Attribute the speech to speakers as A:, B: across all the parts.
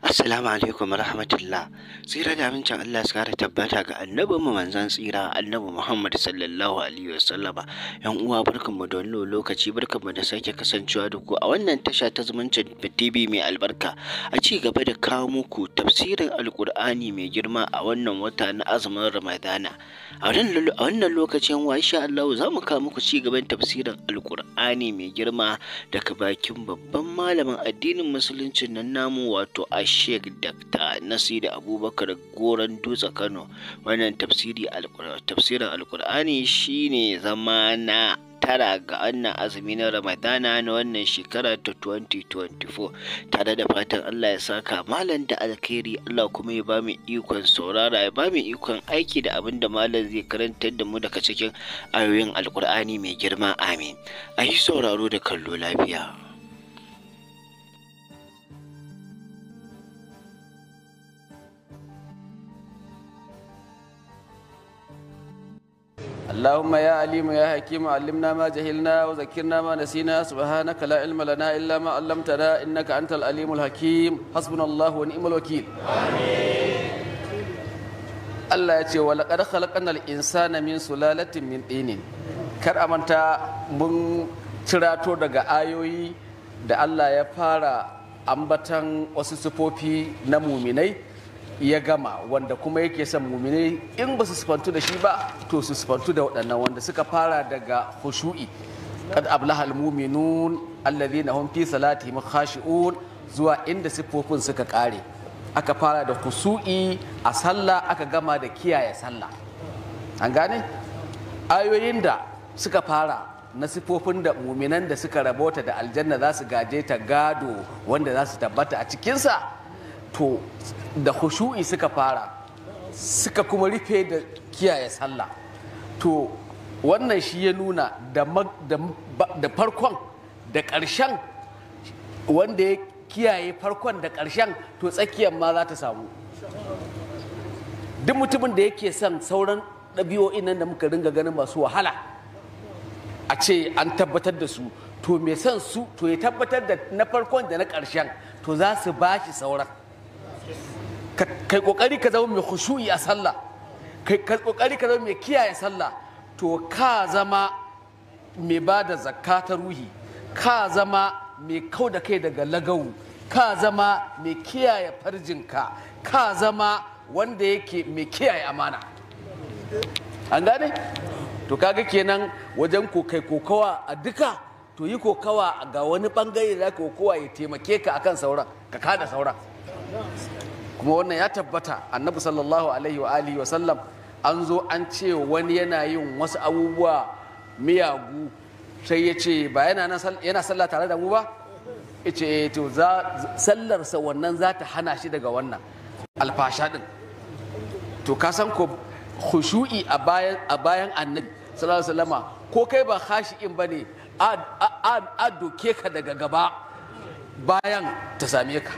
A: Assalamu alaikum rahmatullah. Tsira da amincin Allah su kara tabbata ga annabin mu manzon tsira annabi Muhammad sallallahu alaihi wasallama. Yan uwa mu da wannan lokaci mu da sake kasancewa da ku a wannan tasha ta zumuncin TV mai albarka. A ci gaba da kawo muku tafsirin Alkur'ani mai girma a wannan wata na azumin Ramadana. A wannan lokacin wa insha Allah za mu kawo muku ci gaban tafsirin Alkur'ani mai girma daga bakin babban malamin addinin musuluncin nan namu wato Aisha sheikh dr Nasir abubakar Goran dutse kano wannan tafsiri tafsirin alkur'ani shine zama na tara ga wannan azumi na ramadana na wannan shekara ta 2024 tare da fatan allah ya saka malam da alkhairi allah kuma ya bamu ikon saurara ya bamu ikon aiki da abinda da malam zai karantar da mu daga cikin ayoyin alkur'ani mai girma amin a yi sauraro da kallo lafiya
B: اللهم يا عليم يا حكيم علمنا ما جهلنا وذكرنا ما نسينا سبحانك لا علم لنا إلا ما علمتنا إنك أنت العليم الحكيم حسبنا الله ونعم الوكيل Allah ya ce wa laƙar halaƙanar insana min sulalatin min ɗinin kar a manta mun cirato daga ayoyi da Allah ya fara ambatan wasu sifofi na muminai ya gama wanda kuma yake son mumine in ba su sifantu da shi ba to su sufantu da waɗannan wanda suka fara daga khushu'i kad ablaha almu'minun alladhina hum fi salatihim khashi'un zuwa inda siffofin suka kare aka fara da khushu'i a sallah aka gama da kiyaye sallah an gane ayoyin da suka fara na sifofin da muminan da suka rabota da aljanna za su gaje ta gado wanda za su tabbata a cikinsa to da khushu'i suka fara suka kuma rufe da kiyaye sallah to wannan shi ya nuna da farkon da ƙarshen wanda ya kiyaye farkon da ƙarshen to tsakiyar ma za ta samu duk mutumin da yake son sauran ɗabi'o'in nan da muka ringa ganin masu wahala a ce an tabbatar da su to mai son su to ya tabbatar da na farkon da na ƙarshen to za su ba shi sauran kai kokari ka zama mai khushu'i a sallah kai kokari ka zama mai kiyaye sallah to ka zama mai ba da zakka ta ruhi ka zama mai kau da kai daga lagawu ka zama mai kiyaye farjinka ka zama wanda yake mai kiyaye amana an gane to kaga kenan wajen kai kokawa a duka to yi kokawa ga wani bangare da kokawa ya taimake ka akan sauran ka kada sauran kuma wannan ya tabbata annabi sallallahu alaihi wa wa sallam an zo an ce wani yana yin wasu abubuwa miyagu sai ya ce ba yana sallah tare da mu ba ya ce eh, to sallarsa wannan za ta hana shi daga wannan alfasha din to ka san ko khushu'i a bayan annabi sallallahu alaihi ko kai ba khashi'in bane a doke ka daga gaba bayan ta same ka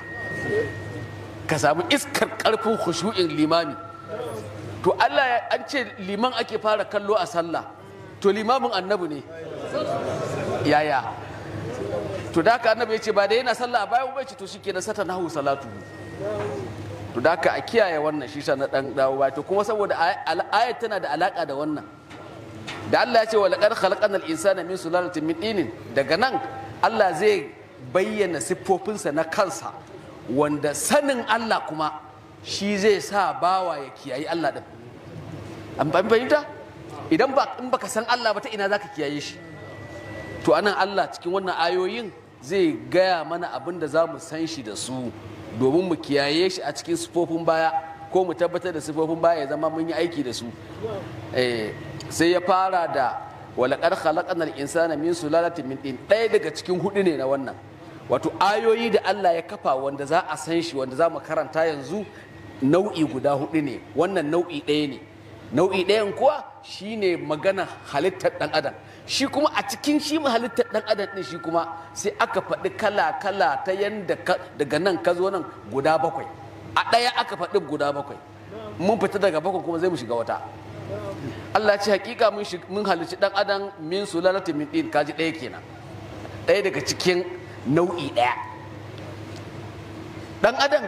B: ka samu iskar karfin khushu'in limami to Allah an ce liman ake fara kallo a sallah to limamin annabi ne yaya to da ka annabi ya ce ba da yana sallah a bayan bai ce to shike na sata nahu salatu to da ka a kiyaye wannan shi sa na dan dawo ba to kuma saboda ayat tana da alaka da wannan da Allah ya ce wa laqad khalaqana al-insana min sulalatin min dinin daga nan Allah zai bayyana siffofinsa na kansa wanda sanin Allah kuma shi zai sa bawa ya kiyayi Allah din an fahimta idan ba in baka san Allah ba ta ina zaka kiyaye shi to anan Allah cikin wannan ayoyin zai gaya mana abin da za mu san shi da su domin mu kiyaye shi a cikin sifofin baya ko mu tabbatar da sifofin baya ya zama mun yi aiki da su eh, sai ya fara da walakar khalaƙanar insana min sulalatin min ɗin ɗaya daga cikin hudu ne na wannan wato ayoyi da Allah ya kafa wanda za a san shi wanda za mu karanta yanzu nau'i guda hudu ne wannan nau'i ɗaya ne nau'i ɗayan kuwa shine magana halittar ɗan adam shi kuma a cikin shi halittar ɗan adam ɗin shi kuma sai aka faɗi kala kala ta yanda daga nan ka zo nan guda bakwai a ɗaya aka faɗi guda bakwai mun fita daga bakwai kuma zai mu shiga wata Allah ce hakika mun halicci ɗan adam min sulalatin min ɗin kaji ɗaya kenan ɗaya daga cikin nau'i ɗaya ɗan adam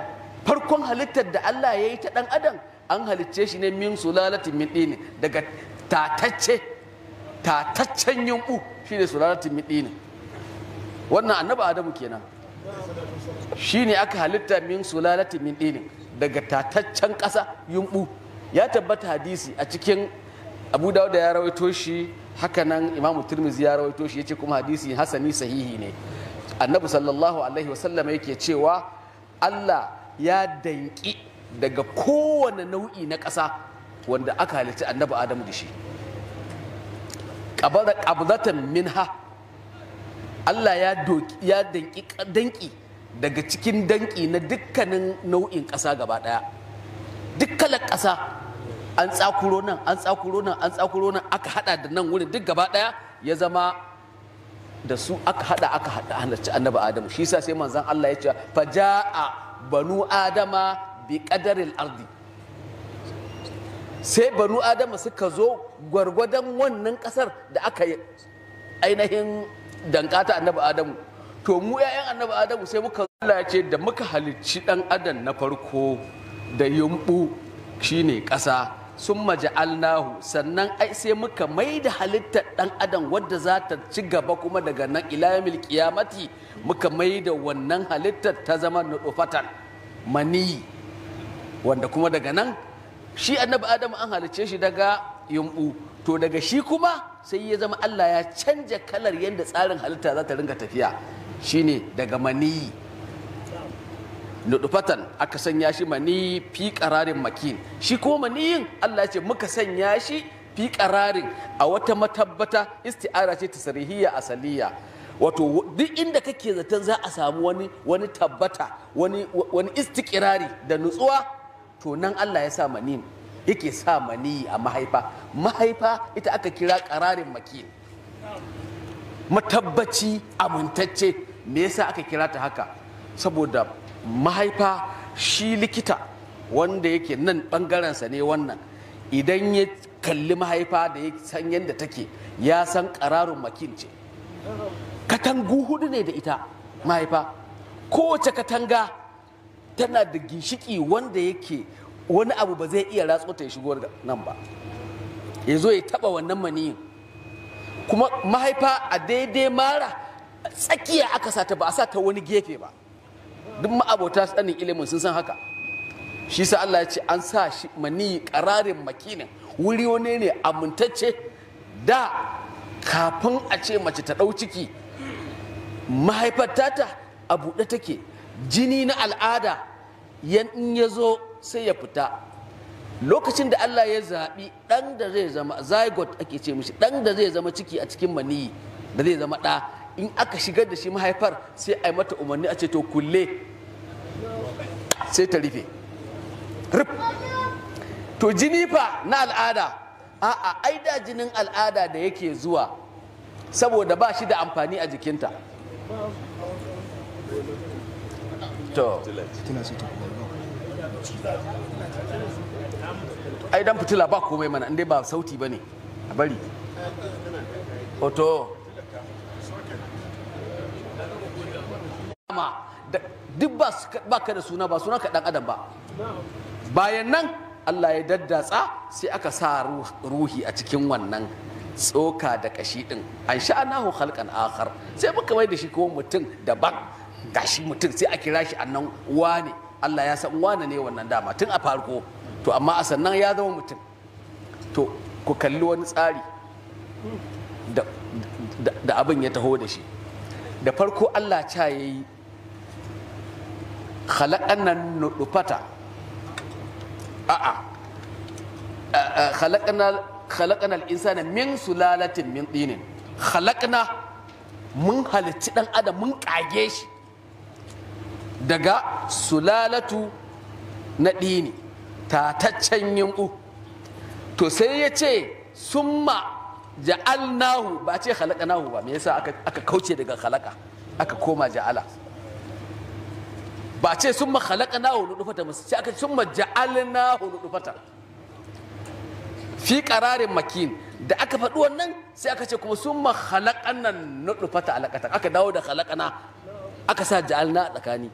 B: farkon halittar da Allah ya yi ta ɗan adam an halicce shi ne min sulalatin min ɗini daga tatacce tataccen yunɓu shi ne sulalatin min ɗini wannan annaba adamu kenan shi ne aka halitta min sulalatin min ɗini daga tataccen ƙasa yunɓu ya tabbata hadisi a cikin abu da ya rawaito shi hakanan imamu turmizi ya rawaito shi ya ce kuma hadisi hasani sahihi ne annabi sallallahu alaihi wasallam yake cewa Allah ya danki daga kowane nau'i na ƙasa wanda aka halitta annabi Adamu da shi qabdatan minha Allah ya danki danki daga cikin danki na dukkanin nau'in ƙasa gaba ɗaya dukkanin ƙasa an tsakuro nan an tsakuro nan an tsakuro nan aka haɗa da nan wurin duk gaba ɗaya ya zama da su aka hada aka halarci annabi adamu shi sa sai manzan Allah ya ce faja'a banu adama bi qadaril ardi sai banu adama suka zo gwargwadon wannan kasar da aka yi ainihin dankata annabi adamu to mu 'ya'yan annabi adamu sai muka Allah ya ce da muka halicci dan adam na farko da yumbu shine ƙasa sun maja'alnahu sannan ai sai muka mai da halittar dan adam wadda za ta ci gaba kuma daga nan ilayamil kiyamati muka mai da wannan halittar ta zama nufatan mani wanda kuma daga nan shi annabi adam an halicce shi daga yumbu to daga shi kuma sai ya zama allah ya canja kalar yadda tsarin halitta za ta ringa tafiya shine daga mani. nudufatan aka sanya shi mani fi ƙararin makin shi ko maniyin Allah ce muka sanya shi fi ƙararin a wata matabbata isti'ara ce ta tasrihiyya asaliya wato duk inda kake zaton za a samu wani wani tabbata wani wani istikirari da nutsuwa to nan Allah ya sa manin yake sa mani a mahaifa mahaifa ita aka kira ƙararin makin matabbaci amintacce me yasa aka kira ta haka saboda mahaifa shi likita wanda yake nan ɓangarensa ne wannan idan ya kalli mahaifa da ya san yadda take ya san kararun makin ce katangu hudu ne da ita mahaifa kowace katanga tana da ginshiki wanda yake wani abu ba zai iya ratso ta shigo nan ba ya zo ya taba wannan maniyin kuma mahaifa a daidai mara tsakiya aka sata ba a sata wani gefe ba duk ma'abota sanin ilimin sun san haka shi sa Allah ya ce an sa shi mani kararin makinin wuri wani ne amintacce da kafin a ce mace ta ɗau ciki mahaifar tata a buɗe take jini na al'ada in ya zo sai ya fita lokacin da Allah ya zaɓi ɗan da zai zama zygote ake ce mishi ɗan da zai zama ciki a cikin maniyi da zai zama ɗa in aka shigar da shi mahaifar sai a yi mata umarni a ce to kulle sai ta rufe to jini fa na al'ada a ai da jinin al'ada da yake zuwa saboda ba shi da amfani a jikinta to ai fitila ba komai mana inda ba sauti ba ne a bari oto ma duk ba ka da suna ba suna ka dan adam ba bayan nan Allah ya daddatsa sai aka sa ruhi a cikin wannan tsoka da kashi din an Anahu halkan akhar sai muka mai da shi kuma mutum daban gashi mutum sai a kira shi annan wane Allah ya san wane ne wannan dama tun a farko to amma a sannan ya zama mutum to ku kalli wani tsari da abin ya taho da shi da farko Allah ca yayi khalaqanan nudufata a'a eh, eh, khalaqana khalaqana al-insana min sulalatin min dinin khalaqna mun halitti dan adam mun kage shi daga sulalatu na dini tataccen yimbu to sai ya ce summa ja'alnahu ba halaƙa nahu ba me yasa aka kauce daga halaƙa aka koma ja'ala ba ce sun ma halaka na hudu dufata musu ce aka sun ma na hudu dufata fi ƙararin makin da aka faɗi wannan sai aka ce kuma sun ma mahalakan nan nudu fata alaƙatan aka dawo da na aka sa ja'alna a tsakani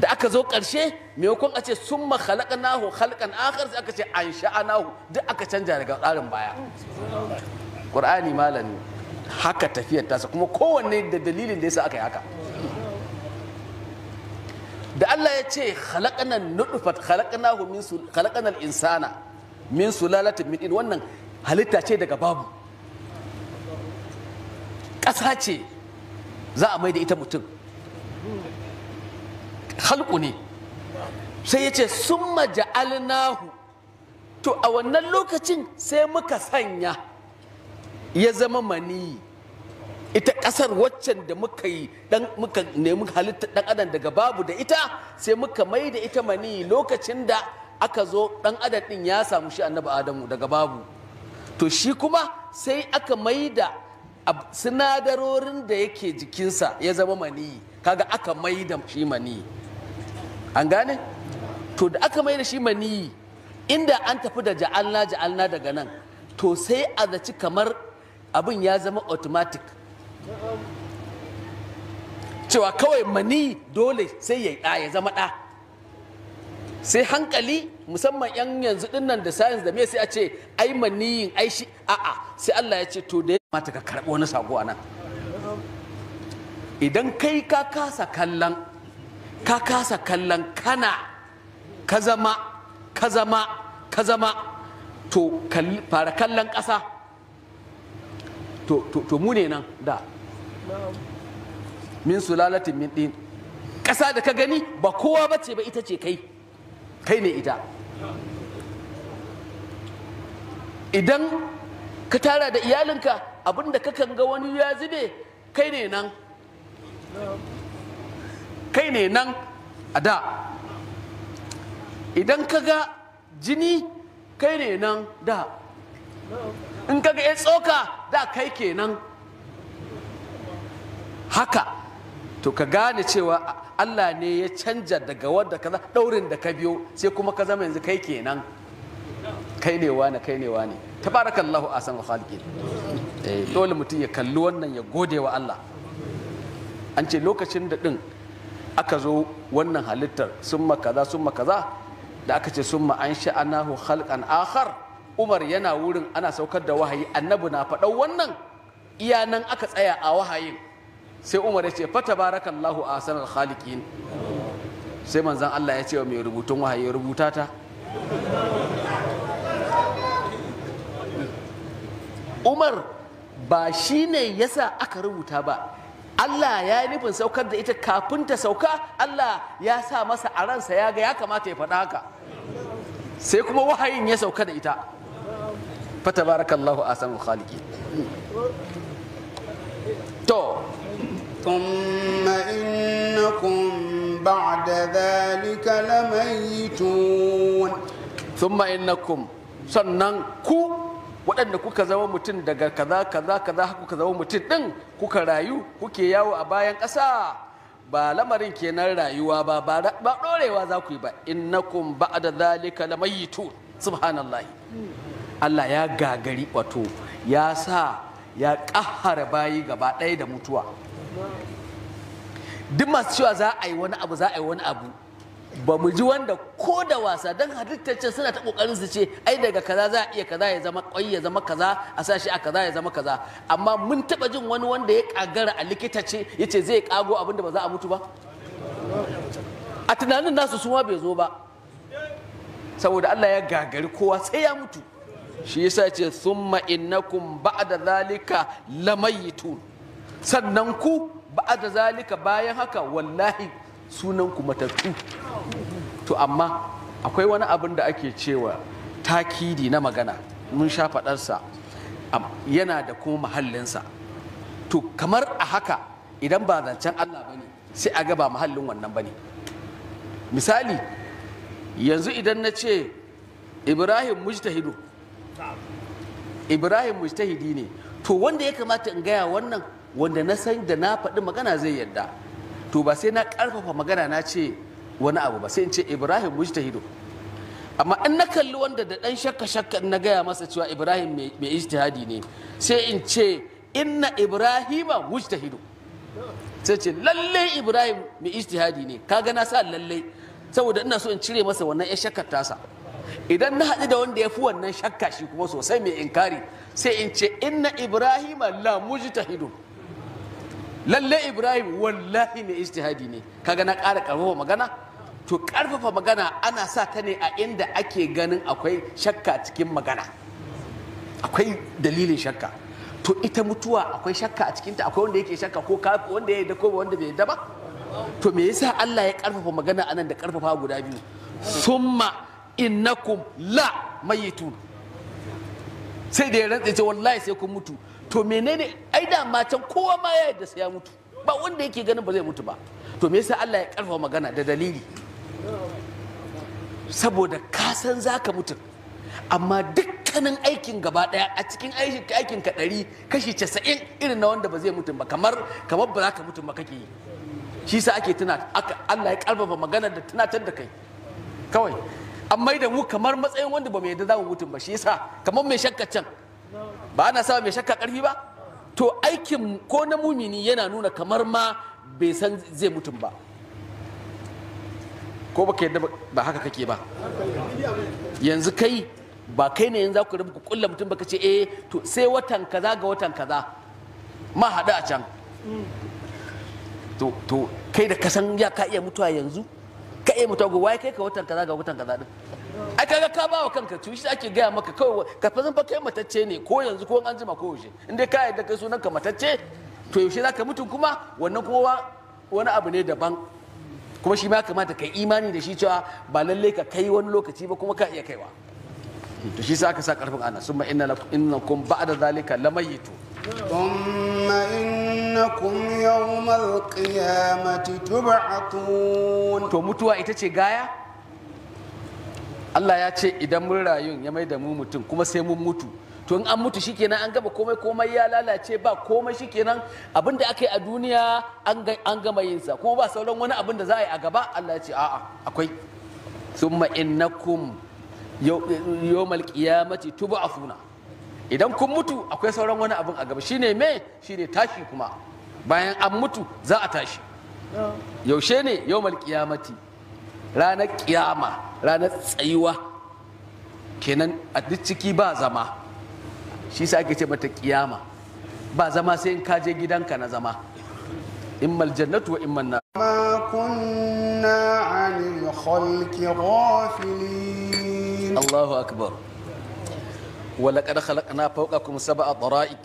B: da aka zo ƙarshe maimakon a ce sun ma mahalakanahu halkan akar sai aka ce an na duk aka canja daga tsarin baya ƙur'ani malami haka tafiyar tasa kuma kowanne da dalilin da yasa aka yi haka da Allah ya ce khalaqanan nutfat khalaqnahu min khalaqanal insana min sulalatin min wannan halitta ce daga babu ƙasa ce za a mai da ita mutum halku ne sai ya ce summa ja'alnahu to a wannan lokacin sai muka sanya ya zama maniyi ita ƙasar waccan da muka yi dan muka nemi halitta dan adam daga babu da ita sai muka mai da ita mani lokacin da aka zo dan adam din ya samu shi annabi adamu daga babu to shi kuma sai aka mai da sinadarorin da yake jikinsa ya zama mani kaga aka mai da shi mani an gane to da aka mai da shi mani inda an tafi da ja'alna ja'alna daga nan to sai a zaci kamar abin ya zama automatic cewa kawai mani dole sai ya ɗa ya zama ɗa sai hankali musamman yan yanzu dinnan da science da me sai a ce ai maniyin ai shi a'a sai Allah ya ce to da ya ka karɓi wani sako a nan idan kai ka kasa kallon ka kasa kallon kana ka zama ka zama ka zama to fara kallon ƙasa to mu ne nan da min sulalatin min din ƙasa da ka gani ba kowa ba ce ba ita ce kai kai ne ita idan ka tara da iyalinka abinda ka kan ga wani ya zube kai ne nan kai ne nan a da idan ka ga jini kai ne nan da in ka ga ya tsoka da kai kenan haka to ka gane cewa Allah ne ya canja daga wadda kaza daurin da ka biyo sai kuma ka zama yanzu kai kenan kai ne wani kai ne wani tabarakallahu asan khaliqin eh, dole mutum ya kalli wannan ya gode wa Allah an ce lokacin da din aka zo wannan halittar summa kaza summa kaza da aka ce summa an sha'anahu khalqan akhar Umar yana wurin ana saukar da wahayi annabi na faɗau wannan iya nan aka tsaya a wahayin sai umar ya ce fata Allahu a sanar khaliqin sai manzan Allah ya ce wa mai rubutun wahayi ya rubuta ta umar ba shi ne ya sa aka rubuta ba Allah ya yi nufin saukar da ita kafin ta sauka Allah ya sa masa a ransa ya ga ya kamata ya faɗa haka sai kuma wahayin ya sauka da ita a sanar khaliqin to
C: ثم
B: إنكم بعد ذلك لميتون ثم إنكم سننكو waɗanda kuka zama mutum daga kaza kaza kaza kuka zama mutum ɗin kuka rayu kuke yawo a bayan ƙasa ba lamarin kenan rayuwa ba ba ɗorewa za ku yi ba innakum ba'da zalika lamayitun subhanallahi Allah ya gagari wato ya sa ya ƙahara bayi gaba ɗaya da mutuwa duk masu cewa za a yi wani abu za a yi wani abu ba mu ji wanda ko da wasa don halittacce suna ta kokarin su ce ai daga kaza za a iya kaza ya zama kwai ya zama kaza a sashi a kaza ya zama kaza amma mun taba jin wani wanda ya kagara a likita ce ya ce zai kago abin da ba za a mutu ba a tunanin nasu suma bai zo ba saboda Allah ya gagari kowa sai ya mutu shi yasa ce summa innakum ba'da zalika lamayitun sannan ku ba da zalika bayan haka wallahi sunan ku matattu to amma akwai wani abin da ake cewa takidi na magana mun sha faɗarsa yana da kuma mahallinsa to kamar a haka idan ba zancen Allah ba ne sai a gaba mahallin wannan ba ne misali yanzu idan na ce ibrahim mujtahidu ibrahim mujtahidi ne to wanda ya kamata in gaya wannan wanda na san da na faɗi magana zai yadda to ba sai na ƙarfafa magana na ce wani abu ba sai in ce ibrahim mujtahidu amma in na kalli wanda da ɗan shakka shakka na gaya masa cewa ibrahim mai ijtihadi ne sai in ce inna ibrahima mujtahidu sai ce lalle ibrahim mai ijtihadi ne kaga na sa lallai? saboda ina so in cire masa wannan ya shakka tasa idan na haɗu da wanda ya fi wannan shakka shi kuma sosai mai inkari sai in ce inna ibrahima la mujtahidu lalle ibrahim wallahi mai istihadi ne kaga na ƙara ƙarfafa magana to ƙarfafa magana ana sa ta ne a inda ake ganin akwai shakka cikin magana akwai dalilin shakka to ita mutuwa akwai shakka a cikinta akwai wanda yake shakka ko wanda ya yarda ko wanda bai yarda ba to me yasa Allah ya ƙarfafa magana anan da ƙarfafa guda biyu summa innakum la mayitun sai da ya rantsa ce wallahi sai kun mutu to menene ai da matan kowa ma ya yadda sai ya mutu ba wanda yake ganin ba zai mutu ba to me yasa Allah ya karfa magana da dalili saboda ka san zaka mutu amma dukkanin aikin gaba daya a cikin aikin ka ɗari kashi casa'in irin na wanda ba zai mutu ba kamar kamar ba za ka mutu ba kake yi shi sa ake tuna Allah ya karfafa magana da tunatar da kai kawai amma idan mu kamar matsayin wanda ba mai yadda za mu mutu ba shi yasa kamar mai shakka can ba ana sa mai shakka karfi ba to aikin ko na mumini yana nuna kamar ma bai san zai mutum ba ko baka yadda ba haka kake ba yanzu kai ba kai ne yanzu za ku rabu ku kulla mutum baka ce eh to sai watan kaza ga watan kaza ma haɗu a can to kai da kasan ya ka iya mutuwa yanzu ka iya mutuwa ga waye kai ka watan kaza ga watan kaza din ai kaga ka ba wa kanka tushe ake gaya maka kawai ka fa kai matacce ne ko yanzu ko an jima ko yaushe in dai ka yarda kai sunan ka matacce to yaushe za ka mutu kuma wannan kowa wani abu ne daban kuma shi ma kamata kai imani da shi cewa ba lalle ka kai wani lokaci ba kuma ka iya kaiwa to shi sa ka sa karfin ana summa innakum ba'da zalika lamayitu
C: ثم إنكم يوم القيامة
B: تبعثون mutuwa ita ce gaya. Allah ya ce idan mun rayu ya mai da mu mutum kuma sai mun mutu to in an mutu shikenan an gaba komai komai ya lalace ba komai shikenan abin da aka yi a duniya an gama yin sa kuma ba sauran wani abin da za a yi a gaba Allah ya ce a'a akwai summa innakum yawmal qiyamati tub'athuna idan kun mutu akwai sauran wani abin a gaba shine me shine tashi kuma bayan an mutu za a tashi oh. yaushe ne yawmal qiyamati ranar kiyama ranar tsayuwa kenan a duk ciki ba zama shi sa ake ce mata kiyama ba zama sai in kaje gidanka na zama immal jannatu wa imman na ma kunna anil khalqi ghafilin Allahu akbar wa laqad khalaqna fawqakum sab'a dara'iq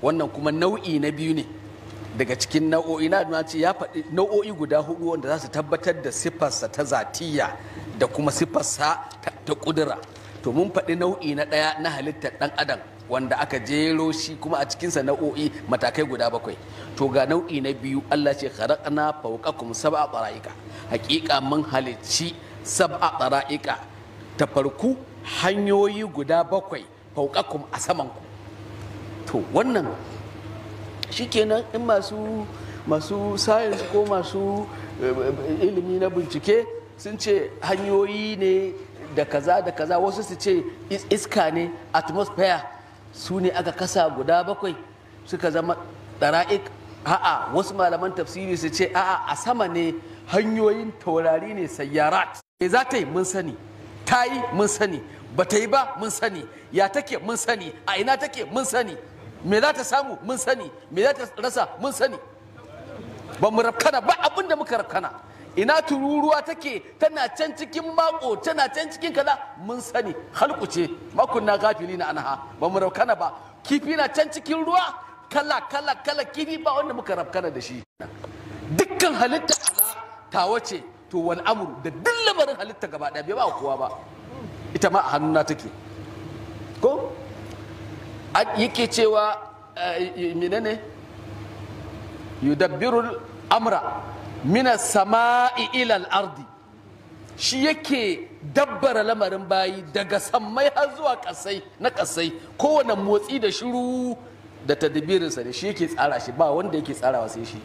B: wannan kuma nau'i na biyu ne daga cikin nau'o'i na ce ya faɗi nau'o'i guda hudu wanda za su tabbatar da siffarsa ta zatiya da kuma siffarsa ta kudura to mun faɗi nau'i na ɗaya na halittar ɗan adam wanda aka jero shi kuma a cikinsa nau'o'i matakai guda bakwai to ga nau'i na biyu allah ce kharaqna fawqakum sab'a qara'ika hakika mun halicci sab'a qara'ika ta farko hanyoyi guda bakwai fawqakum a samanku. to wannan shikenan in masu masu science ko masu eh, eh, ilimi na bincike sun ce hanyoyi ne da kaza da kaza wasu su ce iska ne atmosphere su ne aka kasa guda bakwai suka zama ɗara'ik a'a wasu malaman tafsiri su ce a'a a sama ne hanyoyin taurari ne sayyarat me za ta yi mun sani ta yi mun sani ba ta yi ba mun sani ya take mun sani a ina take mun sani me za ta samu mun sani me za ta rasa mun sani ba mu rafkana ba abin muka rafkana ina tururuwa take tana can cikin mako tana can cikin kaza mun sani halku ce makunna gafili na anha ba mu rafkana ba kifi na can cikin ruwa kala kala kala kifi ba wanda muka rafkana da shi dukkan halitta tawa ce to wal amru da duk lamarin halitta gaba daya bai ba kowa ba ita ma a hannuna take ko yake cewa eh, menene yudabbirul amra mina sama'i ilal ardi shi yake dabbara lamarin bayi daga sammai har zuwa kasai na kasai kowane motsi da shiru da tadbirinsa ne shi yake tsara shi ba wanda yake tsarawa sai shi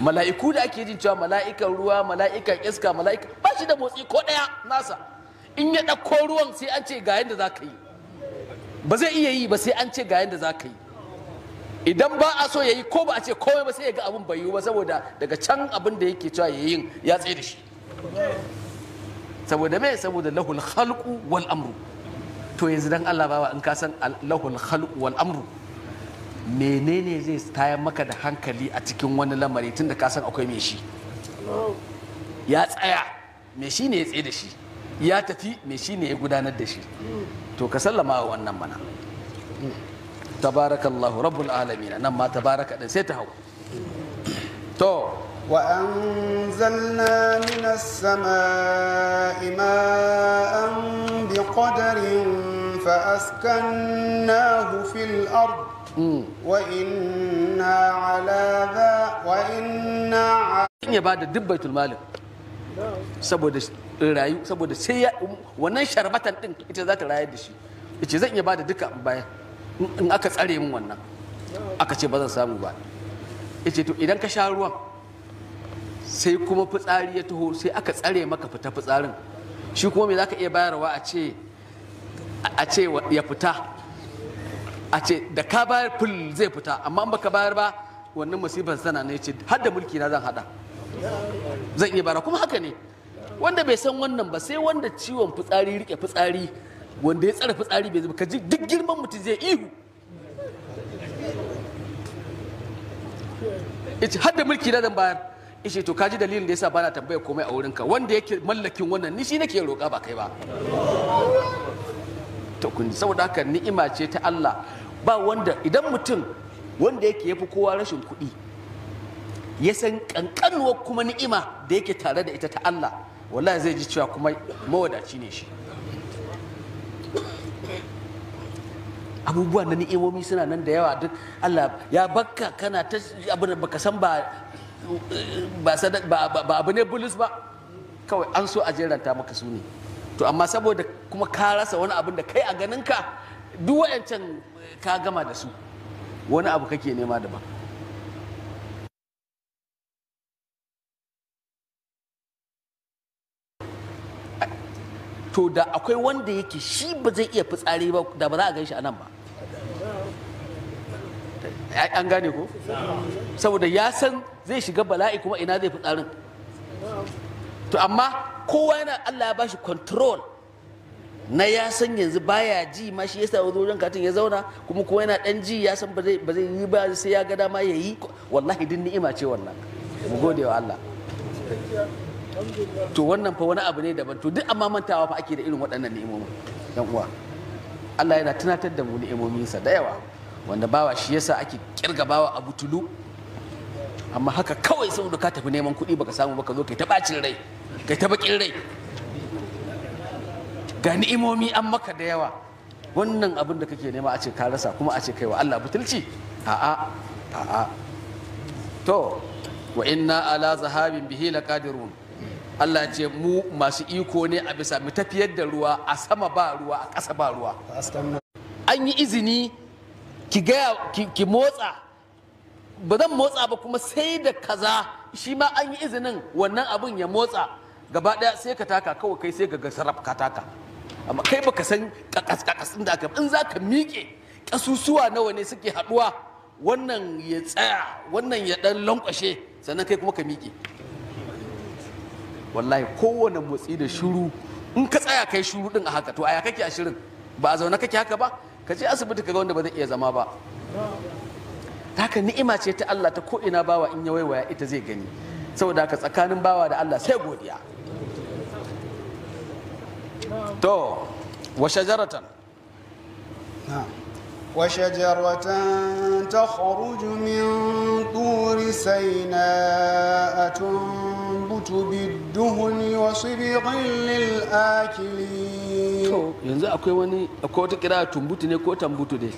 B: mala'iku da ake jin cewa mala'ikan ruwa mala'ikan iska mala'ika ba shi da motsi ko daya nasa in ya ɗauko ruwan sai an ce ga yadda za ka yi ba zai iya yi ba sai an ce ga yadda za ka yi idan ba a so ya yi ko ba a ce komai ba sai ya ga abin bai yi ba saboda daga can abin da yake cewa yayin ya tsaye da shi saboda me saboda lahul khalqu wal amru to yanzu dan Allah bawa in ka san lahul khalqu wal amru menene zai tayar maka da hankali a cikin wani lamari tun da ka san akwai me shi ya tsaya me shi ne ya tsaye da shi ya tafi mai shi ne ya gudanar da shi to ka sallama wa wannan mana tabarakallahu rabbul alamin nan ma tabaraka din sai ta hau to Wa وأنزلنا
C: من السماء ماء بقدر فأسكناه في الأرض وإنا على ذا
B: وإنا على ya bada duk baitul malam saboda rayu saboda sai ya wannan sharbatan din ita za ta rayar da shi ce zan iya ba da duka bayan in aka tsare min wannan aka ce ba zan samu ba ce to idan ka sha ruwan sai kuma fitsari ya taho sai aka tsare maka fita fitsarin shi kuma me zaka iya bayarwa a ce ya fita a ce da ka bayar ful zai fita amma in ka bayar ba wannan masifar sana ne ce har da mulki na zan hada zan iya bara kuma haka ne wanda bai san wannan ba sai wanda ciwon fitsari rike fitsari wanda ya tsara fitsari bai zuba kaji duk girman mutum zai ihu ice har da mulki na zan bayar ice to kaji dalilin da yasa bana tambaya komai a wurinka wanda yake mallakin wannan ni shi nake roƙa ba kai ba to kun saboda haka ni'ima ce ta Allah ba wanda idan mutum wanda yake yafi kowa rashin kuɗi ya san kankanuwar kuma ni'ima da yake tare da ita ta Allah wallahi zai ji cewa kuma mawadaci ne shi Abubuwa na ni'imomi suna nan da yawa duk Allah ya bakka kana ta abin da baka san ba ba abu ne bulus ba kawai an so a jeranta maka su ne to amma saboda kuma ka rasa wani abin da kai a ganinka duk wayancan ka gama da su wani abu kake nema daban to da akwai wanda yake shi ba zai iya fitsari ba da ba za a gan shi a nan ba an gane ko saboda ya san zai shiga bala'i kuma ina zai fitsarin to amma kowa yana Allah ya bashi control na ya san yanzu baya ji ma shi yasa wazo wajen katin ya zauna kuma kuma yana dan ji ya san ba zai yi ba sai ya ga dama ya yi wallahi din ni'ima ce wannan mu gode wa Allah to wannan fa wani abu ne daban to duk amma mantawa fa ake da irin waɗannan ni'imomi dan uwa Allah yana tunatar da mu sa da yawa wanda bawa shi yasa ake kirga bawa abu tulu amma haka kawai saboda ka tafi neman kuɗi baka samu ka zo kai ta bacin rai kai ta bakin rai ga ni'imomi an maka da yawa wannan abin da kake nema a ce ka rasa kuma a ce kai wa Allah butulci a'a a'a to wa inna ala zahabin bihi laqadirun Allah ce mu masu iko ne a bisa mu tafiyar da ruwa a sama ba ruwa a ƙasa ba ruwa an yi izini ki gaya ki motsa ba zan motsa ba kuma sai da kaza shi ma an yi izinin wannan abun ya motsa gaba ɗaya sai ka taka kawai kai sai ga sarraf ka taka amma kai baka san kakas kakas da aka in za ka miƙe ƙasusuwa nawa ne suke haɗuwa wannan ya tsaya wannan ya ɗan lankwashe sannan kai kuma ka miƙe wallahi kowane motsi da shuru in ka tsaya kai shuru din a haka to aya kake a shirin ba a zaune kake haka ba ka je asibiti ka ga wanda ba zai iya zama ba haka ni'ima ce ta Allah ta ko ina bawa in ya waiwaya ita zai gani saboda haka tsakanin bawa da Allah sai godiya to wa
C: shajaratan وشجرة تخرج من طور سيناء تنبت بالدنيا wasu وصبغ lil'akili
B: to yanzu akwai wani akwai wata kira tumbutu ne ko tambutu ne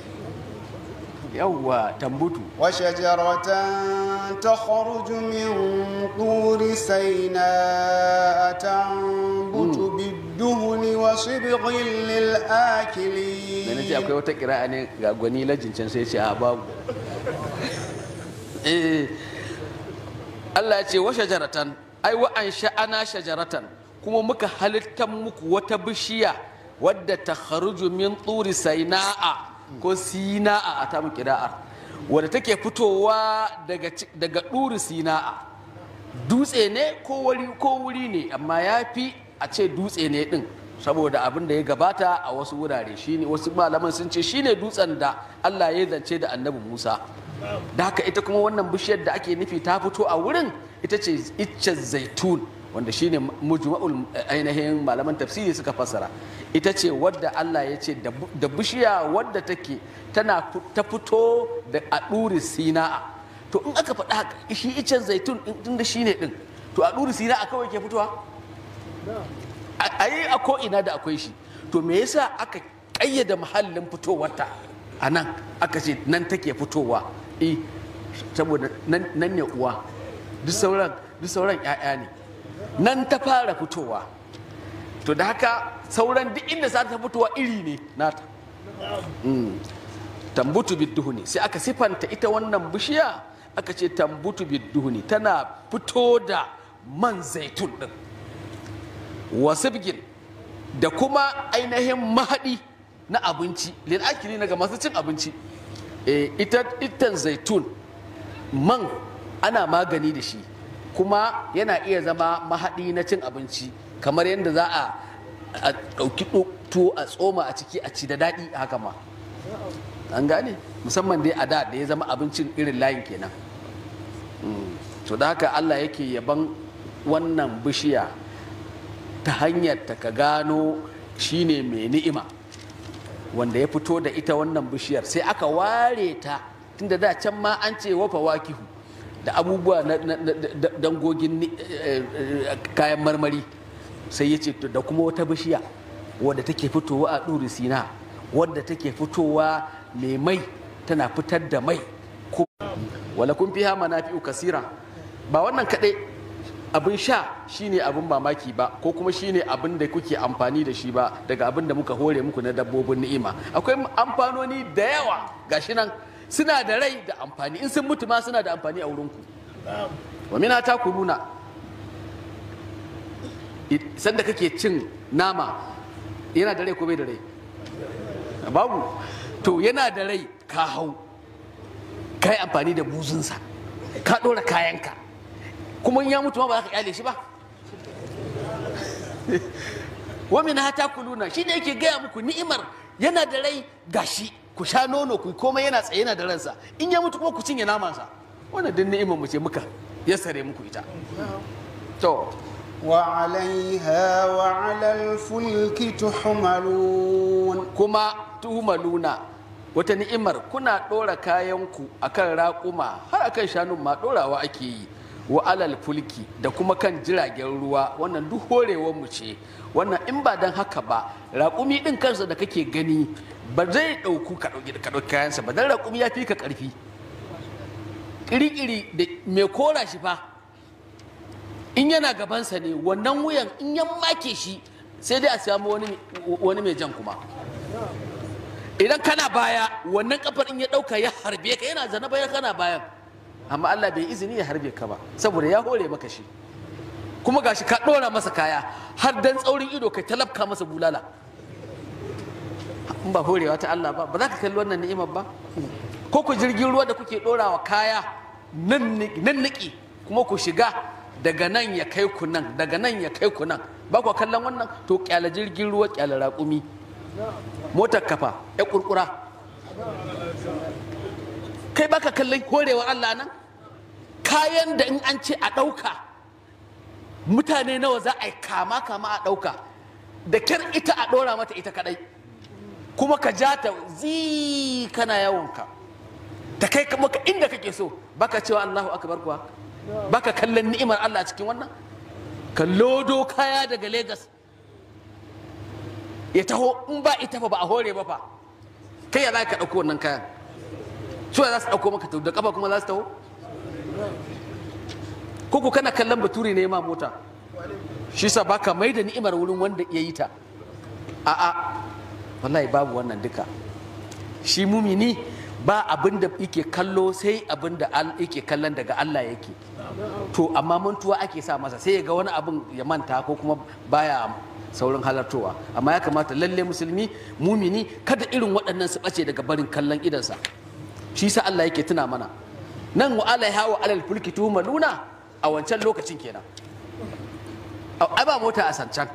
B: yawwa tambutu
C: wa shajaratan takhruju min turi sayna
B: tambutu hmm. bidduhni wa sibghin lil akilin dan ce akwai wata kira ne ga gwani lajincin sai ce a babu eh Allah ya ce wa shajaratan ai wa'an sha'ana shajaratan kuma muka halittar muku wata bishiya wadda ta kharuju min turi saina'a ko sina'a a tamu kira'ar wadda take fitowa daga turi sina'a dutse ne ko wuri ne amma ya fi a ce dutse ne din saboda abin da ya gabata a wasu wurare shine wasu malaman sun ce shine dutsen da Allah ya zance da annabi Musa da haka ita kuma wannan bishiyar da ake nufi ta fito a wurin ita ce iccen zaitun wanda shine mujma'ul eh, ainihin malaman tafsiri suka fassara ita ce wadda Allah ya ce da bishiya wadda take tana ta fito da a ɗuri sina'a to in aka faɗa shi iccen zaitun tun da shine ɗin to a ɗuri sina'a kawai ke fitowa a yi a ko'ina da akwai shi to me yasa aka ƙayyada muhallin fitowarta a nan aka ce nan take fitowa e, saboda nan ne uwa duk sauran duk ƴaƴa ne nan ta fara fitowa to da haka sauran duk inda za ta fitowa iri ne nata mm. tambutu bidduhu ne, sai aka sifanta ita wannan bishiya aka ce tambutu bidduhu ne tana fito da man zaitun din bikin da kuma ainihin mahadi na abinci lil'akili na ga masu cin abinci eh, ita itan zaitun man ana magani da shi kuma yana iya zama mahaɗi na cin abinci kamar yadda za a ɗauki tuwo a tsoma a ciki a ci da daɗi haka ma an gane musamman dai a da da ya zama abincin irin layin kenan mm. to da haka allah yake yaban wannan bishiya ta hanyar ta ka gano shine mai ni'ima wanda ya fito da ita wannan bishiyar sai aka ware ta tunda da can ma an ce wafa wakihu da abubuwa na dangogin eh, eh, kayan marmari sai ya ce da kuma wata bishiya wadda take fitowa a ɗuri sina wadda take fitowa mai mai tana fitar da mai wala kun fi hama na kasira ba wannan kaɗai abin sha shine abin mamaki ba ko kuma shine abin da kuke amfani da shi ba daga abin da muka hore muku na dabbobin ni'ima akwai amfanoni da yawa gashi nan suna da rai da amfani in sun mutu ma suna da amfani a wurinku wa mina ta kuruna sanda kake cin nama yana da rai ko bai da rai babu to yana da rai ka hau ka yi amfani da buzunsa ka ɗora kayanka kuma in ya mutu ma ba za ka kyale shi ba wa mina ta kuluna shi ne yake gaya muku ni'imar yana da rai gashi ku sha nono ku komai yana tsaye yana da ransa in ya mutu kuma ku cinye namansa wannan din ni'imar mu ce muka ya sare muku ita to wa وعلى الفلك tuhmalun Kuma tuhmaluna wata ni'imar kuna ɗora kayanku akan raƙuma har akan shanun ma ɗorawa ake yi wa alal fulki da kuma kan jiragen ruwa wannan duk horewar mu ce wannan in ba dan haka ba raƙumi ɗin kansa da kake gani ba zai ɗauku ka ɗauki kayansa ba dan raƙumi ya fi ka karfi. Kirikiri da mai kora shi fa in yana gabansa ne wannan wuyan in ya make shi sai dai a samu wani mai jan kuma idan kana baya wannan kafar in ya ɗauka ya harbe ka yana zana bayan kana bayan amma Allah bai izini ya harbe ka ba saboda ya hore maka shi kuma gashi ka ɗora masa kaya har dan tsaurin ido kai talabka masa bulala in ba horewa ta Allah ba ba za ka kalli wannan ni'imar ba ko ku jirgin ruwa da kuke ɗorawa kaya nan niki kuma ku shiga daga nan ya kai ku nan daga nan ya kai ku nan ba ku kallon wannan to kyala jirgin ruwa kyala raƙumi motar kafa ya kurkura kai baka kallon horewa Allah nan kayan da in an ce a ɗauka mutane nawa za a yi kama kama a ɗauka da kyar ita a ɗora mata ita kaɗai kuma ka ja ta zi kana yawonka ta kai ka maka inda kake so baka cewa Allahu akbar kuwa baka kallon ni'imar Allah cikin wannan ka lodo kaya daga Legas. ya taho in ba ita ba a hore ba fa kai ya za ka ɗauko wannan kayan su za su ɗauko maka da ƙafa kuma za su taho kuku kana kallon bature ne ma mota shi sa baka mai da ni'imar wurin wanda ya yi ta a'a wallahi babu wannan duka shi mumini ba abin da yake kallo sai abin da yake kallon daga Allah yake to amma mantuwa ake sa masa sai ya ga wani abin ya manta ko kuma baya saurin halartowa amma ya kamata lalle musulmi mumini kada irin waɗannan su ɓace daga barin kallon idansa shi sa Allah yake tuna mana nan wa ala hawa alal fulki maluna a wancan lokacin kenan ai ba mota a sancan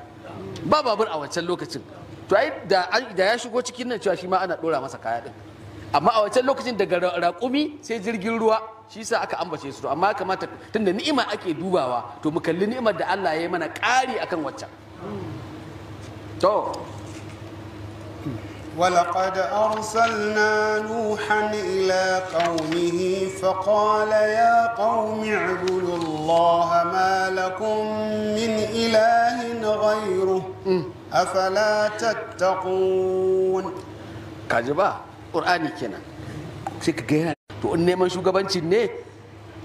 B: ba babur a wancan lokacin to ai da ya shigo cikin nan cewa shi ma ana dora masa kaya din amma a wancan lokacin daga raƙumi sai jirgin ruwa shi sa aka ambace su amma kamata tunda ni'ima ake dubawa to mu kalli ni'imar da Allah ya yi mana ƙari akan waccan to
C: ولقد أرسلنا نوحا إلى قومه فقال يا قوم اعبدوا الله ما لكم من
B: إله غيره afala tattaqun kaji ba qur'ani kenan sai ka ga to in neman shugabanci ne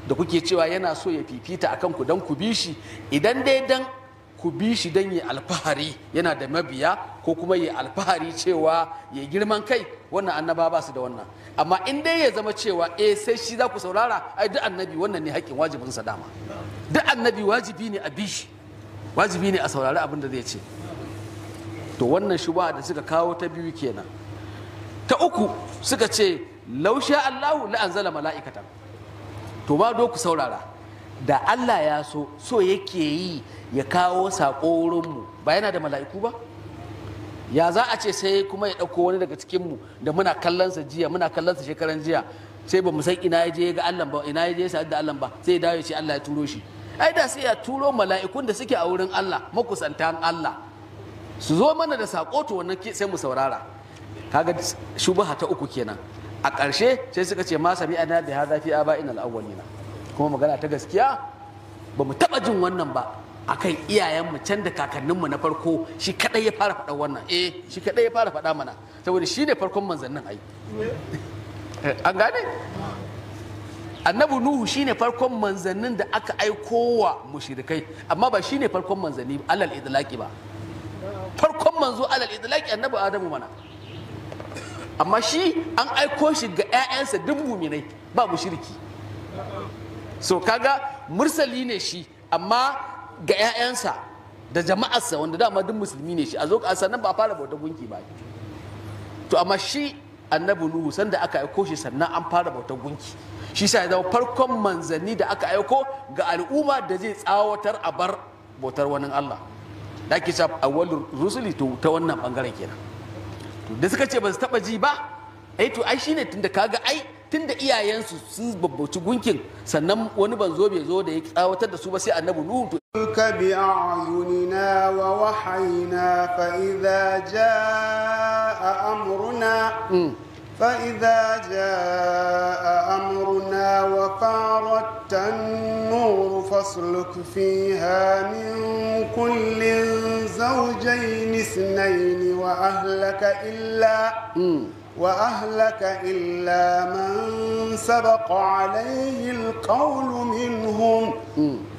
B: da kuke cewa yana so ya fifita akan ku dan ku bi shi idan dai dan ku bi shi dan ya alfahari yana da mabiya ko kuma ya alfahari cewa ya girman kai wannan annaba ba su da wannan amma in dai ya zama cewa eh sai shi za ku saurara ai duk annabi wannan ne haƙƙin wajibin sa dama duk annabi wajibi ne a bi wajibi ne a saurari abin da zai ce to wannan shuba da suka kawo ta biyu kenan ta uku suka ce laushe Allahu la'anzala mala'ikatan to ba do ku saurara da Allah ya so so yake yi ya kawo saƙo wurinmu ba yana da mala'iku ba ya za a ce sai kuma ya ɗauko wani daga cikinmu da muna kallonsa jiya muna kallonsa shekaran jiya sai ba mu san ina ya je ga Allah ba ina ya je sa'ad da Allah ba sai ya dawo ya ce Allah ya turo shi ai da sai ya turo mala'ikun da suke a wurin Allah makusantan Allah su zo mana da saƙo to wannan sai mu saurara kaga shubaha ta uku kenan a ƙarshe sai suka ce ma sami ana bi hada fi aba'ina al-awwalina kuma magana ta gaskiya ba mu taɓa jin wannan ba akan iyayenmu can da kakanninmu na farko shi kadai ya fara faɗa wannan eh shi kadai ya fara faɗa mana saboda shi ne farkon manzannin ai an gane annabi nuhu shi ne farkon manzannin da aka aiko wa mushrikai amma ba shi ne farkon manzanni alal idlaki ba farkon manzo alal idlaki annabi adamu mana amma shi an aiko shi ga 'ya'yansa duk muminai babu shirki. so kaga mursali ne shi amma ga 'ya'yansa da jama'arsa wanda dama duk musulmi ne shi a zo nan ba fara bauta gunki ba to amma shi annabi nuhu sanda aka aiko shi sannan an fara bauta gunki shi sa ya zama farkon manzanni da aka aiko ga al'umma da zai tsawatar a bar bautar wani allah da ake cewa awwalur rusuli ta wannan bangaren kenan to da suka ce ba su taba ji ba ai eh to ai shine tunda kaga ai tunda iyayensu sun babbaci gunkin sannan wani banzo bai zo da ya tsawatar da su ba sai annabi nuhu to ka bi
C: a'yunina wa wahayna fa idza jaa amruna فإذا جاء أمرنا فاسلك فيها من كل زوجين اثنين وأهلك إلا وأهلك إلا من سبق عليه القول منهم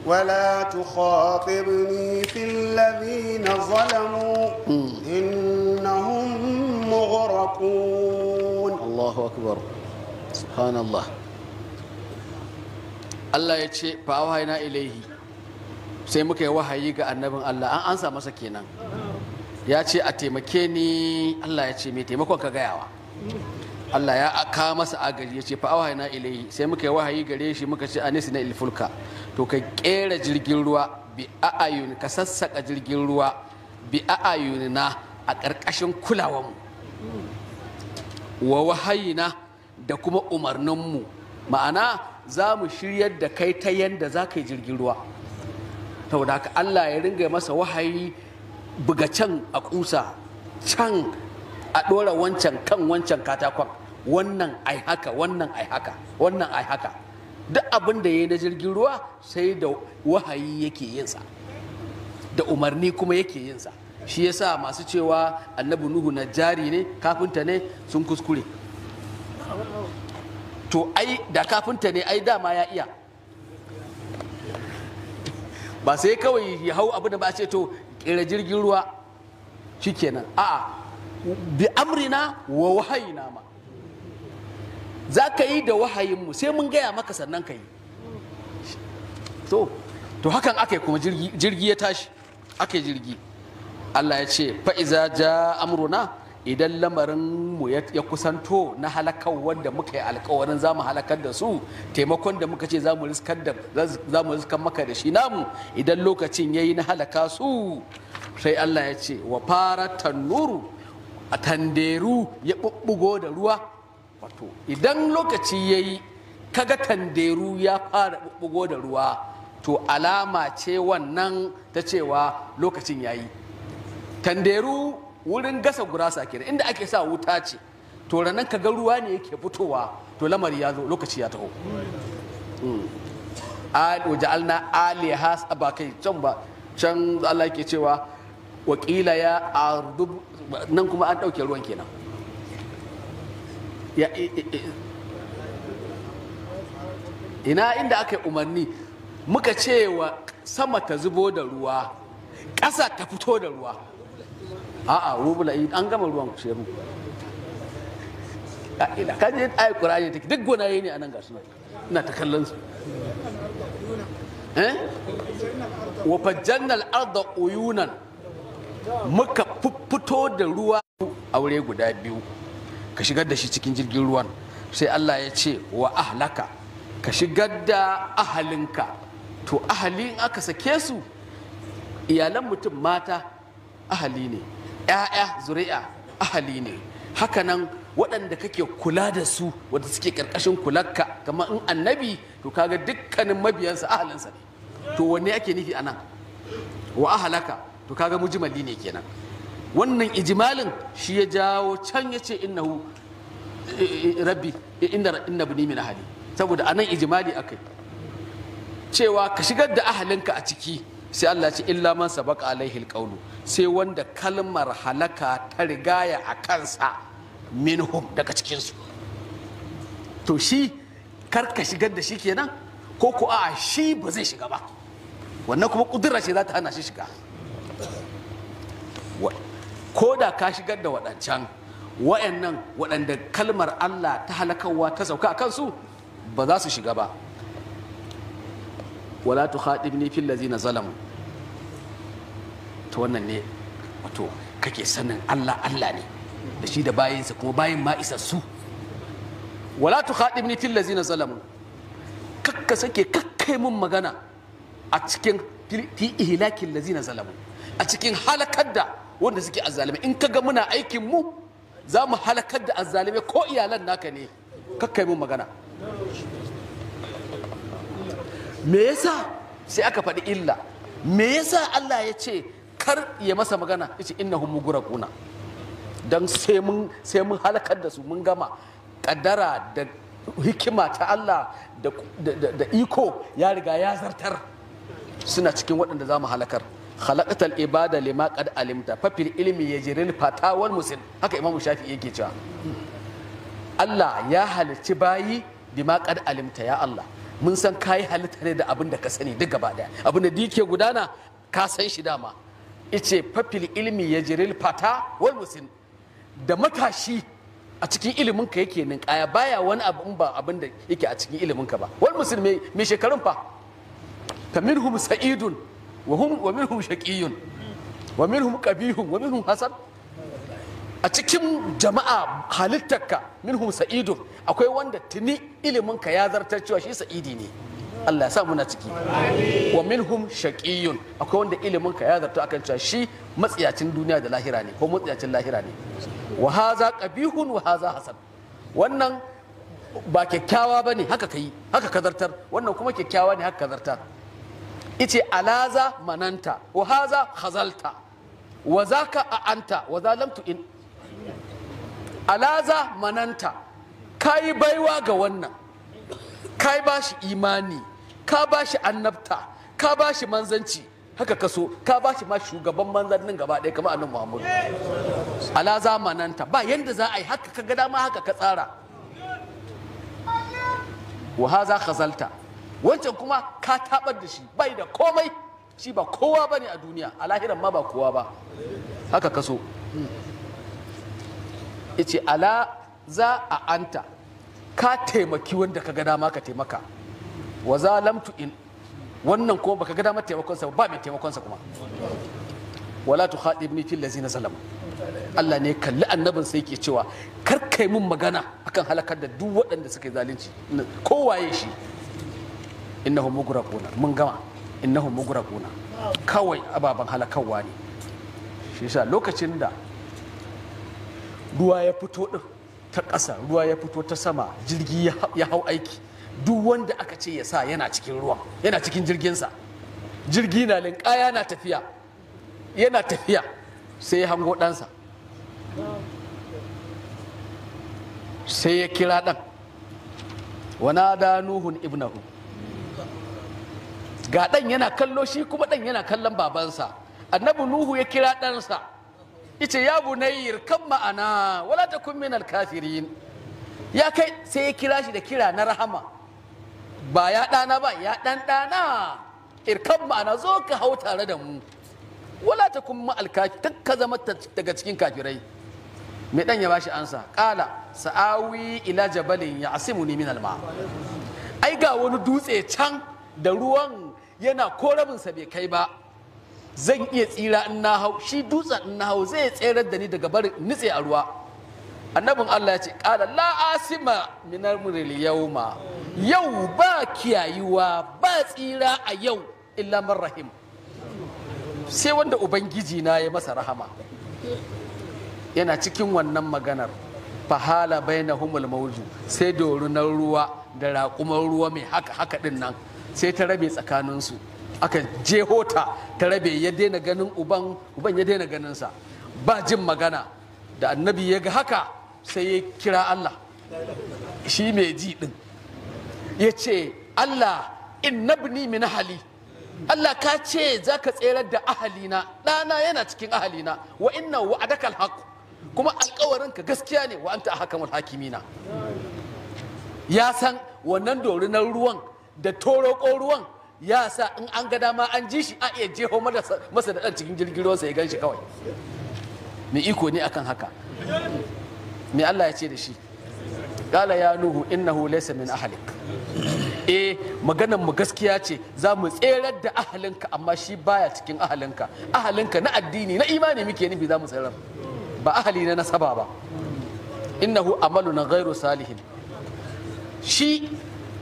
C: ولا تخاطبني في الذين ظلموا إنهم
B: مغرقون الله أكبر سبحان الله Allah ya ce fa wahaina ilaihi sai muka yi wahayi ga annabin Allah an ansa masa kenan ya ce a taimake ni Allah ya ce mai taimakon ka gayawa Allah ya aka masa agaji ya ce fa wahaina ilaihi sai muka yi wahayi gare shi muka ce anisi na ilfulka to ka kera jirgin ruwa bi a'ayun ka sassaka jirgin ruwa bi a'ayunina a ƙarƙashin kulawanmu wa wahayina da kuma umarnin mu ma'ana za mu shiryar da kai ta yadda za ka yi jirgin ruwa to da Allah ya ringa masa wahayi buga can a kusa can a ɗora wancan kan wancan katakon wannan ai haka wannan ai haka wannan ai haka duk abin da ya yi na jirgin ruwa sai da wahayi yake yinsa da umarni kuma yake yinsa shi ya sa masu cewa annabi nuhu na jari ne kafinta ne sun kuskure to ai da kafinta ne ai dama ya iya ba sai kawai ya hau abu da ba ce to kira jirgin ruwa shikenan a'a bi amrina wa wahayina ma za ka yi da wahayinmu sai mun gaya maka sannan ka yi to hakan aka yi kuma jirgi ya tashi aka yi jirgi Allah ya ce fa'iza ja amruna idan lamarin mu ya kusanto na halakar wanda muka yi alkawarin za mu halakar da su taimakon da muka ce za mu riskar maka da shi namu idan lokacin ya yi na halaka su sai Allah ya ce wa fara tannuru a tanderu ya ɓuɓɓugo da ruwa wato idan lokaci ya yi kaga tanderu ya fara ɓuɓɓugo da ruwa to alama ce wannan ta cewa lokacin ya yi tanderu wurin gasa gurasa kenan inda ake sa wuta ce to ranan ka ga ruwa ne yake fitowa to lamari ya zo lokaci ya taho hmm. al'na ali has abakai can ba can Allah yake cewa wakila ya ardu nan kuma an ɗauke ruwan kenan ina inda aka yi umarni muka cewa sama ta zubo da ruwa ƙasa ta fito da ruwa a'a rubula an gama ruwan ku shebu Kan yi ayi ayat take duk yi ne a nan gasu suna ina ta kallon su
A: eh wa
B: arda uyunan muka fito da ruwa aure guda biyu ka shigar da shi cikin jirgin ruwan sai Allah ya ce wa ahlaka ka shigar da ahalinka to ahalin aka sake su iyalan mutum mata ahali ne 'ya'ya zuri'a ahali ne hakanan waɗanda kake kula da su wadda suke ƙarƙashin kularka kamar in annabi to kaga dukkanin mabiyansa ahalinsa ne to wanne ake nufi a nan wa ahalaka to kaga mujimali ne kenan wannan ijimalin shi ya jawo can ya ce innahu eh, eh, rabbi eh, inna inna bini min ahali saboda anan ijimali akai cewa ka shigar da ahalinka a ciki sai Allah ce illa man sabaqa alaihi alqawlu sai wanda kalmar halaka ta rigaya a kansa minhum daga cikinsu to shi karka shigar da shi kenan ko ko a shi ba zai shiga ba wannan kuma kudura ce za ta hana shi shiga ko da ka shigar da waɗancan wa'annan waɗanda kalmar Allah ta halakawa ta sauka a kansu ba za su shiga ba wala tu khadibni fil ladzina zalamu ta wannan ne wato kake sanin Allah Allah ne da shi da bayansa kuma bayan ma su. wala tu khadibni fil lazina zalamu kakka sake kakkai mun magana a cikin fi ihlakin lazina zalamu a cikin halakar da wanda suke azzalime in kaga muna aikin mu za mu halakar da azzalime ko iyalan naka ne kakkai mun magana me yasa sai aka faɗi illa me yasa Allah ya ce kar ya masa magana yace innahum mughraquna dan sai don sai mun halakar da su mun gama kaddara da hikima ta Allah da iko ya riga ya zartar suna cikin waɗanda za mu halakar khalaqatal ibada lima qad alimta ilimi ya je yajril fatawal musin haka imamu shafi yake cewa Allah ya halicci bayi bima alimta ya Allah mun san kayi halitta ne da abin da ka sani duk gaba daya abin da dike gudana ka san shi dama ice fafil ilmi ya jiril fata wal musin da matashi a cikin ka yake kaya baya wani abun ba abin da yake a cikin ka ba wal musin mai shekarun fa fa minhum sa'idun wa hum wa minhum shaqiyun wa minhum qabihun wa minhum hasan a cikin jama'a halittarka minhum sa'idun akwai wanda tuni iliminka ya zartar cewa shi sa'idi ne Allah ya sa muna ciki wa minhum shaqiyun akwai wanda ilimin ka ya zarto akan cewa shi matsiyacin duniya da lahira ne ko matsiyacin lahira ne wa haza qabihun wa haza hasan wannan ba kyakkyawa bane haka kai haka kazartar wannan kuma kyakkyawa ne haka kazartar ice alaza mananta wa haza khazalta wa zaka anta wa zalamtu in alaza mananta kai baiwa ga wannan kai ba shi imani ka ba shi annabta ka ba shi manzanci haka kaso, ka ba shi ma shugaban manzannin gaba ɗaya kamar annabi muhammadu ala zamananta ba yadda za a yi haka ka gada ma haka ka tsara wa haza khazalta wancan kuma ka tabar da shi bai da komai shi ba kowa ba a duniya a lahiran ma ba kowa ba haka kaso ya ce ala za a anta ka taimaki wanda ka gada ma ka taimaka wa zalamtu in wannan ko baka ga damar taimakonsa ba mai taimakonsa kuma wala tu khadibni fil ladzina zalamu Allah ne kalli annabin sai yake cewa kar kai mun magana akan halakar da duk waɗanda suka yi zalunci kowaye shi innahum mugraquna mun gama innahum mugraquna kawai ababen halakarwa ne shi yasa lokacin da ruwa ya fito din ta ƙasa ruwa ya fito ta sama jirgi ya hau aiki duk wanda aka ce ya sa yana cikin ruwa yana cikin jirginsa jirgi na linkaya na tafiya yana tafiya sai ya hango ɗansa sai ya kira ɗan wana da nuhun ibnahu ga ɗan yana kallo shi kuma ɗan yana kallon babansa annabi nuhu ya kira ɗansa ice ya yi kan ma'ana wala ta kun minal kafirin ya kai sai ya kira shi da kira na rahama ba ya ɗana ba ya ɗan ɗana irkan ma'ana zo ka hau tare da mu wala ta kuma alkafi ta ka zama daga cikin kafirai mai ɗan ya bashi ansa ƙala sa'awi ila jabalin ya asimu ni min alma ai ga wani dutse can da ruwan yana ko rabinsa bai kai ba zan iya tsira in na hau shi dutsen in na hau zai tserar da ni daga barin nitse a ruwa annabin Allah ya ce ƙala la'asima minar muril yauma yau ba kiyayuwa ba tsira a yau illa rahim sai wanda ubangiji na ya masa rahama yana cikin wannan maganar fahala na humul mauju sai na ruwa da raƙumar ruwa mai haka haka din nan sai ta rabe tsakaninsu aka jeho ta ta rabe ya daina ganin uban uban ya daina ganinsa ba jin magana da annabi ya ga haka sai ya kira Allah shi mai ji din ya ce Allah innabni min hali Allah ka ce za ka tserar da ahalina ɗana yana cikin ahalina wa inna wa adakal haku? kuma ka gaskiya ne wa anta hakamul hakimina ya san wannan dorinar ruwan da toro ko ruwan ya sa in an ga dama an ji shi a iya jeho masa da ɗan cikin jirgin ruwansa ya gan shi kawai ni iko ne akan haka me Allah ya ce da shi qala ya nuhu innahu laysa min ahlik eh maganar mu gaskiya ce za mu tserar da ahalinka amma shi baya cikin ahalinka ahalinka na addini na imani muke nufi za mu tserar ba ahali na nasaba ba innahu amalu na gairu salihin shi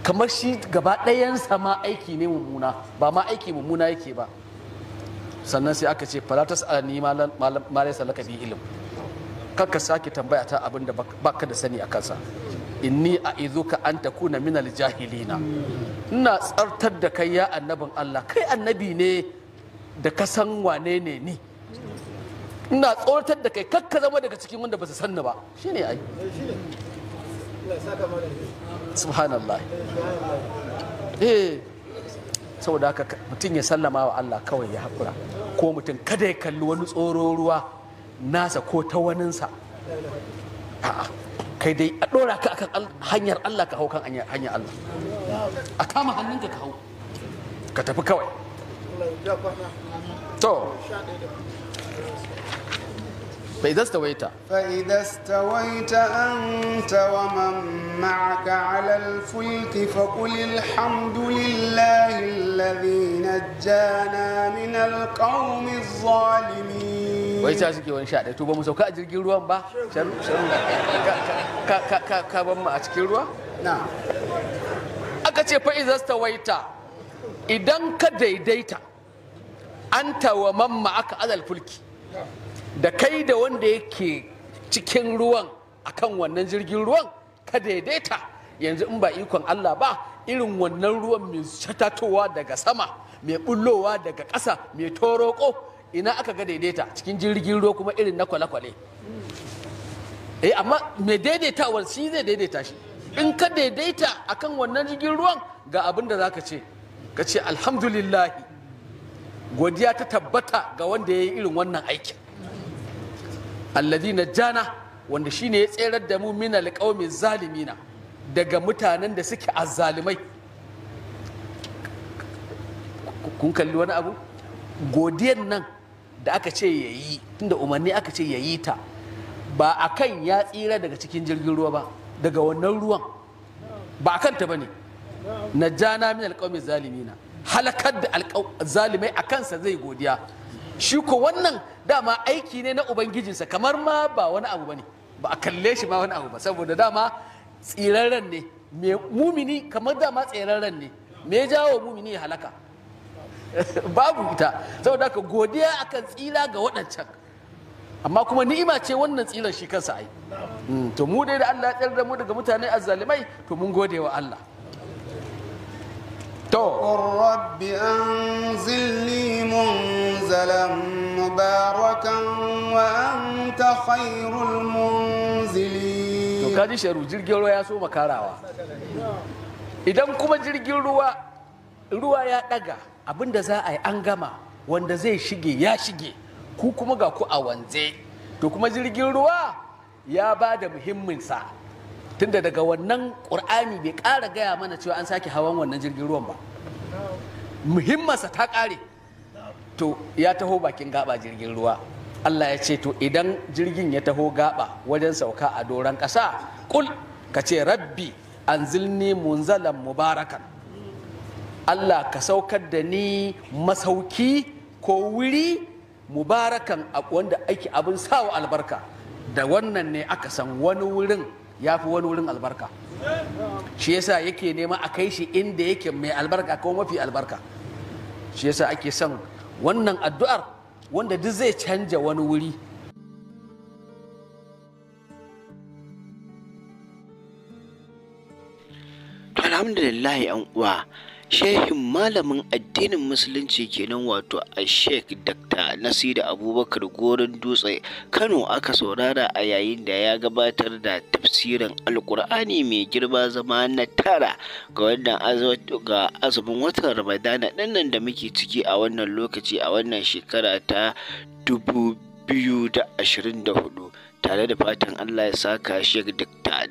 B: kamar shi gaba ɗayansa ma aiki ne mummuna ba ma aiki mummuna yake ba sannan sai aka ce falatas a ni ma laysa laka bi ilm kaka sake tambaya ta abin da baka da sani a kansa inni a izuka an ta kuna minal jahilina ina tsartar da kai ya annabin Allah kai annabi ne da ka san wane ne ni ina tsortar da kai kakka zama daga cikin wanda ba su sanna ba shine ai subhanallah eh saboda haka mutum ya sallama wa Allah kawai ya hakura ko mutum kada ya kalli wani tsoro ruwa nasa ko ta waninsa kai dai a ɗora ka akan hanyar Allah ka hau kan hanyar Allah a kama hannunka ka hau ka tafi kawai to فإذا استويت
C: فإذا استويت أنت ومن معك على الفلك فقل الحمد لله الذي نجانا من القوم
B: الظالمين wai ta suke wani sha to ba mu sauka a jirgin ruwan ba ka ban mu a cikin ruwa na aka ce fa ta waita idan ka daidaita an tawa mamma aka azal fulki da kai da wanda yake cikin ruwan akan wannan jirgin ruwan ka daidaita yanzu in ba ikon Allah ba irin wannan ruwan mai shatatowa daga sama mai bullowa daga ƙasa mai toroko ina aka ga daidaita cikin jirgin ruwa kuma irin na kwale-kwale eh amma mai daidaitawar shi zai daidaita shi in ka daidaita akan wannan jirgin ruwan ga abin da zaka ce ka ce alhamdulillahi godiya ta tabbata ga wanda ya yi irin wannan aikin allazi na jana wanda shi ne ya tserar da mu min alƙaumin zalimina daga mutanen da suke azzalimai kun kalli wani abu godiyan nan da aka ce ya yi tunda umarni aka ce ya yi ta ba a kan ya tsira daga cikin jirgin ruwa ba daga wannan ruwan ba a kanta ba ne na jana min alƙawmin zalimina halakar da zalimai a kansa zai godiya shi ko wannan dama aiki ne na ubangijinsa kamar ma ba wani abu ba ne ba a kalle shi ma wani abu ba saboda dama tsirarren ne mumini kamar dama tsirarren ne me jawo mumini ya halaka babu ita saboda ka godiya akan tsira ga waɗancan amma kuma ni'ima ce wannan tsilar shi kansa ai mm, to mu dai da Allah ya tsira mu daga mutane azzalimai to mun gode wa Allah
C: to rabbi anzilni munzalan mubarakan wa anta khairul munzili. to kaji
B: sharu jirgin ruwa ya so makarawa idan kuma jirgin ruwa ruwa ya daga abin da za a yi an gama wanda zai shige ya shige ku kuma ga ku a wanze to kuma jirgin ruwa ya ba da muhimminsa tunda daga wannan ƙur'ani bai ƙara gaya mana cewa an sake hawan wannan jirgin ruwan ba muhimmansa ta ƙare to ya taho bakin gaba jirgin ruwa Allah ya ce to idan jirgin ya taho gaba wajen sauka a doron ƙasa kul ka ce rabbi an anzilni munzalan mubarakan Allah ka saukar da ni masauki ko wuri mubarakan wanda ake abin sawa albarka da wannan ne aka san wani wurin ya fi wani wurin albarka shi yasa yake nema a kai shi inda yake mai albarka ko mafi albarka shi yasa ake son wannan addu'ar wanda duk zai canja wani wuri
A: alhamdulillah yan uwa shehin malamin addinin musulunci kenan wato a sheik dr nasiru abubakar gorin dutse kano aka saurara a yayin da ya gabatar da tafsirin alkur'ani mai girma zama na tara ga wannan azumin watan ramadana ɗinnan da muke ciki a wannan lokaci a wannan shekara ta 2024 tare da fatan Allah ya saka Sheikh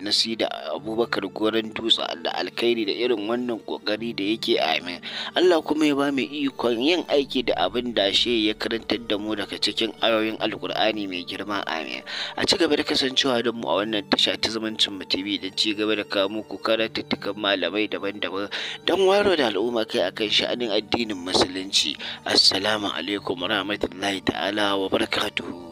A: Nasi Nasida Abubakar Goran dutsa da alkhairi da irin wannan kokari da yake amin Allah kuma ya ba mu ikon yin aiki da abin da she ya karantar da mu daga cikin ayoyin Alkur'ani mai girma amin a ci gaba da kasancewa da mu a wannan tasha ta zumuncin mu TV da ci gaba da kawo muku karatuttukan malamai daban-daban don waro da al'umma kai akan sha'anin addinin musulunci assalamu alaikum rahmatullahi ta'ala wa barakatuhu